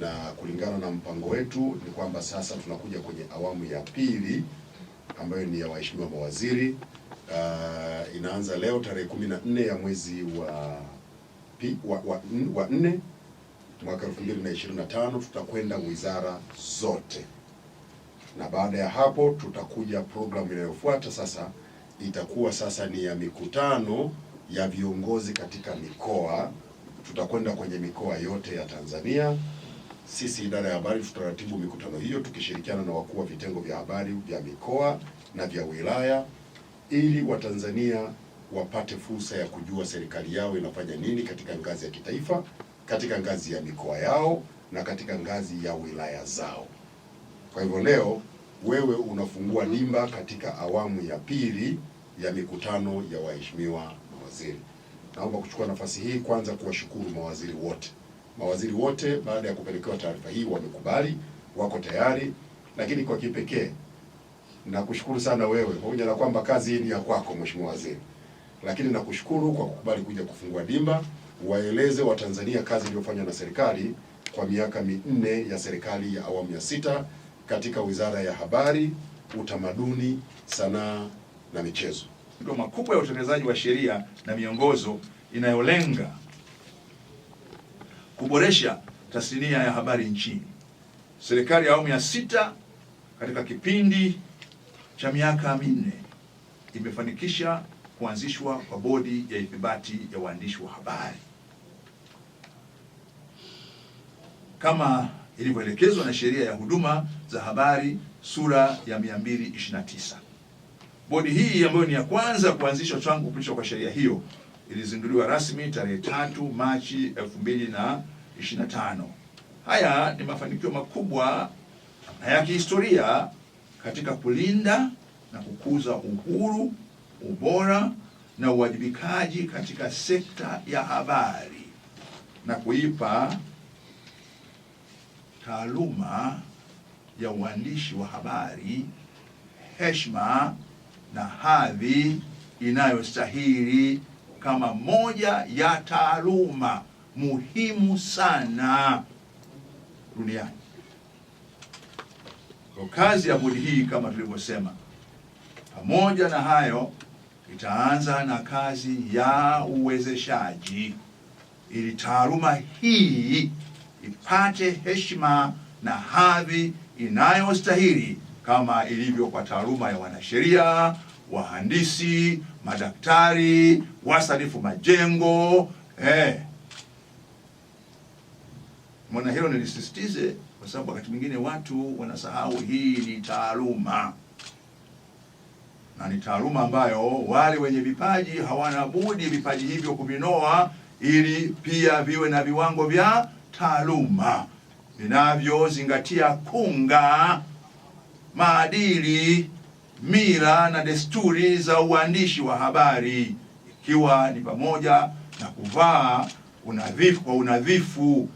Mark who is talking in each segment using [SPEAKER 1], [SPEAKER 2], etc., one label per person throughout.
[SPEAKER 1] na kulingana na mpango wetu ni kwamba sasa tunakuja kwenye awamu ya pili ambayo ni ya waheshimiwa mawaziri. Uh, inaanza leo tarehe 14 ya mwezi wa pi, wa, wa, wa nne mwaka 2025 tutakwenda wizara zote, na baada ya hapo tutakuja programu inayofuata sasa itakuwa sasa ni ya mikutano ya viongozi katika mikoa. Tutakwenda kwenye mikoa yote ya Tanzania sisi idara ya habari tutaratibu mikutano hiyo tukishirikiana na wakuu wa vitengo vya habari vya mikoa na vya wilaya, ili Watanzania wapate fursa ya kujua serikali yao inafanya nini katika ngazi ya kitaifa, katika ngazi ya mikoa yao na katika ngazi ya wilaya zao. Kwa hivyo leo wewe unafungua dimba katika awamu ya pili ya mikutano ya waheshimiwa mawaziri. Naomba kuchukua nafasi hii kwanza kuwashukuru mawaziri wote Mawaziri wote baada ya kupelekewa taarifa hii wamekubali, wako tayari. Lakini kwa kipekee nakushukuru sana wewe, pamoja na kwamba kazi hii ni ya kwako mheshimiwa waziri, lakini nakushukuru kwa kukubali kuja kufungua dimba, waeleze Watanzania kazi iliyofanywa na serikali kwa miaka minne ya serikali ya awamu ya sita katika wizara ya habari, utamaduni, sanaa na michezo.
[SPEAKER 2] Makubwa ya utekelezaji wa sheria na miongozo inayolenga kuboresha tasnia ya habari nchini. Serikali ya awamu ya sita katika kipindi cha miaka minne imefanikisha kuanzishwa kwa bodi ya ithibati ya waandishi wa habari kama ilivyoelekezwa na sheria ya huduma za habari sura ya 229. Bodi hii ambayo ni ya kwanza kuanzishwa tangu kupitishwa kwa sheria hiyo ilizinduliwa rasmi tarehe tatu Machi 2025. Haya ni mafanikio makubwa na ya kihistoria katika kulinda na kukuza uhuru, ubora na uwajibikaji katika sekta ya habari na kuipa taaluma ya uandishi wa habari heshima na hadhi inayostahili kama moja ya taaluma muhimu sana duniani. Kwa kazi ya bodi hii kama tulivyosema, pamoja na hayo, itaanza na kazi ya uwezeshaji ili taaluma hii ipate heshima na hadhi inayostahili kama ilivyo kwa taaluma ya wanasheria, wahandisi, madaktari, wasanifu majengo eh. Mwana hilo nilisisitize kwa sababu wakati mwingine watu wanasahau hii ni taaluma na ni taaluma ambayo wale wenye vipaji hawana budi vipaji hivyo kuvinoa ili pia viwe na viwango vya taaluma vinavyozingatia kunga maadili, mila na desturi za uandishi wa habari, ikiwa ni pamoja na kuvaa unadhifu kwa unadhifu.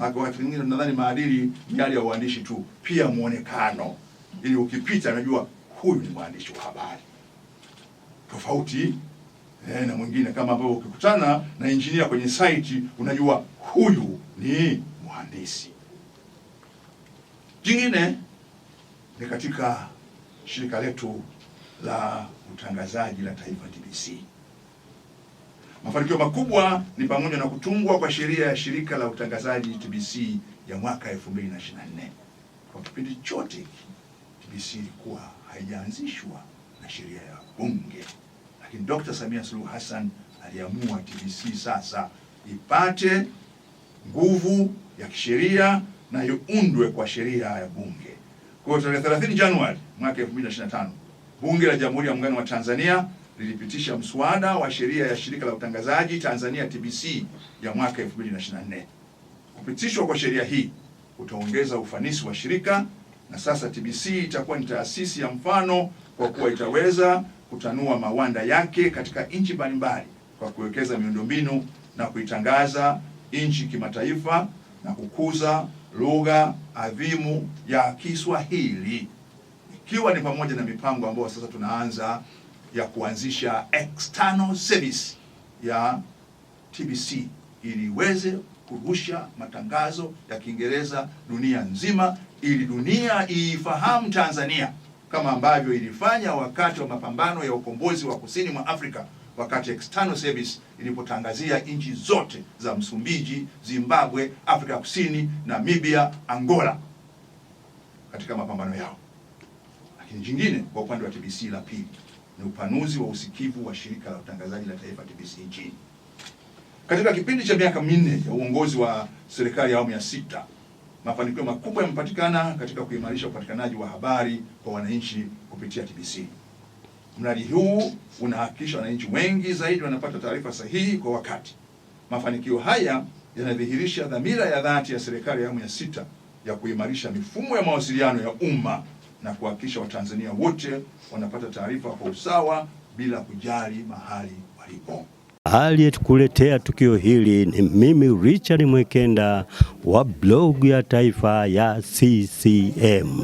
[SPEAKER 2] Wakati mwingine maadili ni hali ya uandishi tu, pia muonekano, ili ukipita unajua huyu ni mwandishi wa habari tofauti e, na mwingine kama ambavyo ukikutana na injinia kwenye site unajua huyu ni mhandisi. Jingine ni katika shirika letu la utangazaji la taifa TBC. Mafanikio makubwa ni pamoja na kutungwa kwa sheria ya shirika la utangazaji TBC ya mwaka 2024. Kwa kipindi chote TBC ilikuwa haijaanzishwa na sheria ya Bunge, lakini Dr. Samia Suluhu Hassan aliamua TBC sasa ipate nguvu ya kisheria na iundwe kwa sheria ya Bunge. Kwa hiyo tarehe 30 Januari mwaka 2025 Bunge la Jamhuri ya Muungano wa Tanzania lilipitisha mswada wa sheria ya shirika la utangazaji Tanzania TBC ya mwaka 2024. Kupitishwa kwa sheria hii utaongeza ufanisi wa shirika na sasa TBC itakuwa ni taasisi ya mfano kwa kuwa itaweza kutanua mawanda yake katika nchi mbalimbali kwa kuwekeza miundombinu na kuitangaza nchi kimataifa na kukuza lugha adhimu ya Kiswahili, ikiwa ni pamoja na mipango ambayo sasa tunaanza ya kuanzisha external service ya TBC ili iweze kurusha matangazo ya Kiingereza dunia nzima, ili dunia iifahamu Tanzania kama ambavyo ilifanya wakati wa mapambano ya ukombozi wa kusini mwa Afrika wakati external service ilipotangazia nchi zote za Msumbiji, Zimbabwe, Afrika Kusini, Namibia, Angola katika mapambano yao. Lakini jingine kwa upande wa TBC la pili ni upanuzi wa usikivu wa shirika la utangazaji la taifa TBC nchini. Katika kipindi cha miaka minne ya uongozi wa serikali ya awamu ya sita, mafanikio makubwa yamepatikana katika kuimarisha upatikanaji wa habari kwa wananchi kupitia TBC. Mradi huu unahakikisha wananchi wengi zaidi wanapata taarifa sahihi kwa wakati. Mafanikio haya yanadhihirisha dhamira ya dhati ya serikali ya awamu ya sita ya kuimarisha mifumo ya mawasiliano ya umma na kuhakikisha Watanzania wote wanapata taarifa kwa usawa bila kujali mahali walipo. Aliyetukuletea tukio hili ni mimi Richard Mwekenda wa blogu ya taifa ya CCM.